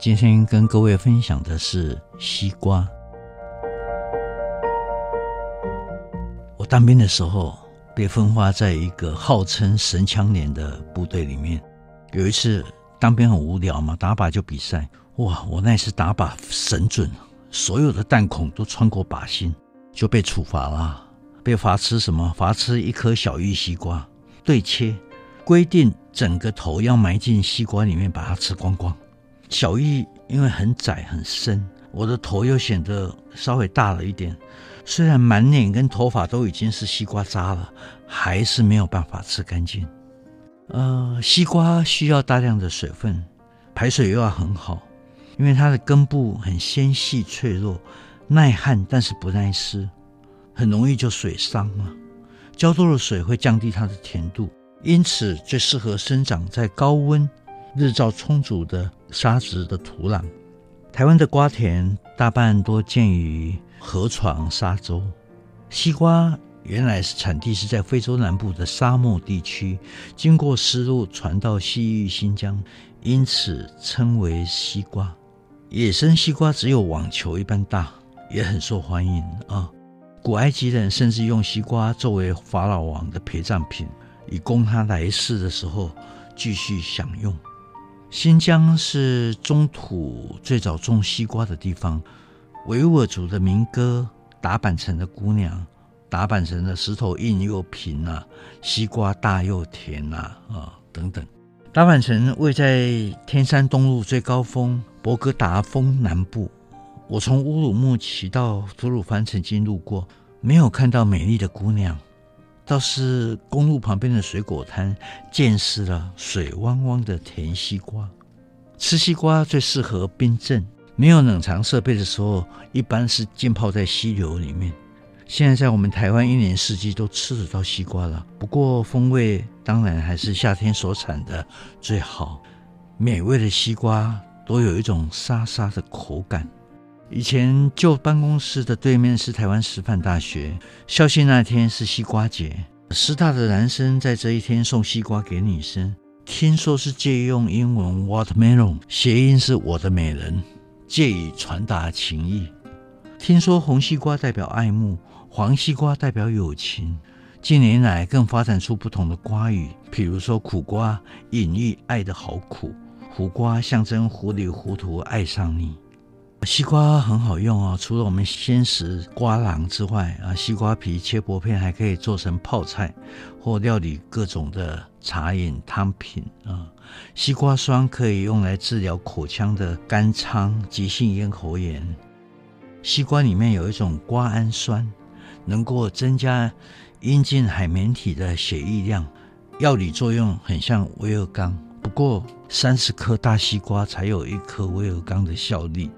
今天跟各位分享的是西瓜。我當兵的時候被分發在一個號稱神槍連的部隊裡面。有一次當兵很無聊嘛，打靶就比賽。哇，我那次打靶神準，所有的彈孔都穿過靶心，就被處罰了。被罰吃什麼？罰吃一顆小玉西瓜，對切，規定整個頭要埋進西瓜裡面，把它吃光光。小玉因為很窄很深，我的頭又顯得稍微大了一點。雖然滿臉跟頭髮都已經是西瓜渣了，還是沒有辦法吃乾淨。呃，西瓜需要大量的水分，排水又要很好，因為它的根部很纖細脆弱，耐旱但是不耐濕，很容易就水傷了。澆多了水會降低它的甜度，因此最適合生長在高溫、日照充足的。沙質的土壤，台灣的瓜田大半多見於河床沙洲。西瓜原來是產地是在非洲南部的沙漠地區，經過絲路傳到西域新疆，因此稱為西瓜。野生西瓜只有網球一般大，也很受歡迎啊。古埃及人甚至用西瓜作為法老王的陪葬品，以供他來世的時候繼續享用。新疆是中土最早種西瓜的地方。維吾爾族的民歌《達坂城的姑娘》，達坂城的石頭硬又平啊，西瓜大又甜啊，啊、哦、等等。達坂城位在天山東麓最高峰博格達峰南部。我從烏魯木齊到吐魯番曾經路過，沒有看到美麗的姑娘。倒是公路旁邊的水果攤見識了水汪汪的甜西瓜，吃西瓜最適合冰鎮。沒有冷藏設備的時候，一般是浸泡在溪流裡面。現在在我們台灣一年四季都吃得到西瓜了，不過風味當然還是夏天所產的最好。美味的西瓜都有一種沙沙的口感。以前舊辦公室的對面是臺灣師範大學。校慶那天是西瓜節，師大的男生在這一天送西瓜給女生，聽說是借用英文 watermelon，諧音是我的美人，借以傳達情意。聽說紅西瓜代表愛慕，黃西瓜代表友情。近年來更發展出不同的瓜語，比如說苦瓜隱喻愛得好苦，胡瓜象徵糊裡糊塗愛上你。西瓜很好用哦，除了我們鮮食瓜瓤之外，啊，西瓜皮切薄片還可以做成泡菜，或料理各種的茶飲湯品啊。西瓜霜可以用來治療口腔的乾瘡、急性咽喉炎。西瓜裡面有一種瓜氨酸，能夠增加陰莖海綿體的血液量，藥理作用很像威而鋼，不過三十顆大西瓜才有一顆威而鋼的效力。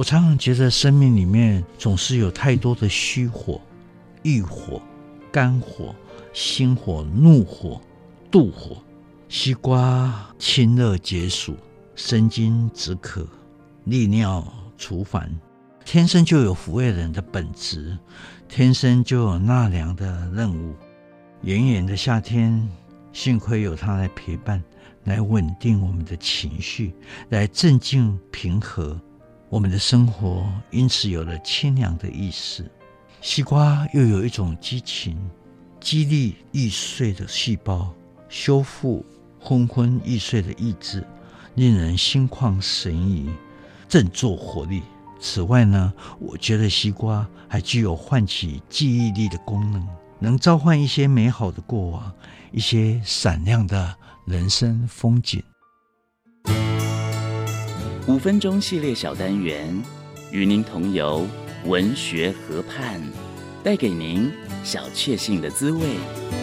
我常常覺得，生命裡面總是有太多的虛火、鬱火、肝火、心火、怒火、妒火。西瓜清熱解暑、生津止渴、利尿除煩，天生就有撫慰人的本質，天生就有納涼的任務。炎炎的夏天，幸虧有它來陪伴，來穩定我們的情緒，來鎮靜平和。我們的生活因此有了清涼的意識，西瓜又有一種激情，激勵欲睡的細胞，修復昏昏欲睡的意志，令人心曠神怡，振作活力。此外呢，我覺得西瓜還具有喚起記憶力的功能，能召喚一些美好的過往，一些閃亮的人生風景。五分鐘系列小單元，與您同遊文學河畔，帶給您小確幸的滋味。